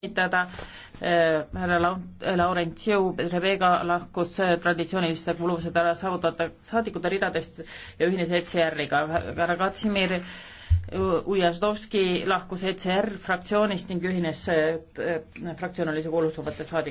kinnitada äh, härra äh, Laurentsiu, Rebecca lahkus äh, traditsiooniliste kuluvuse peale saavutada saadikute ridadest ja ühines ECR-iga. härra Katsimir Ujazdovski lahkus ECR fraktsioonist ning ühines fraktsioonilise kuuluvuse võttes saadik-.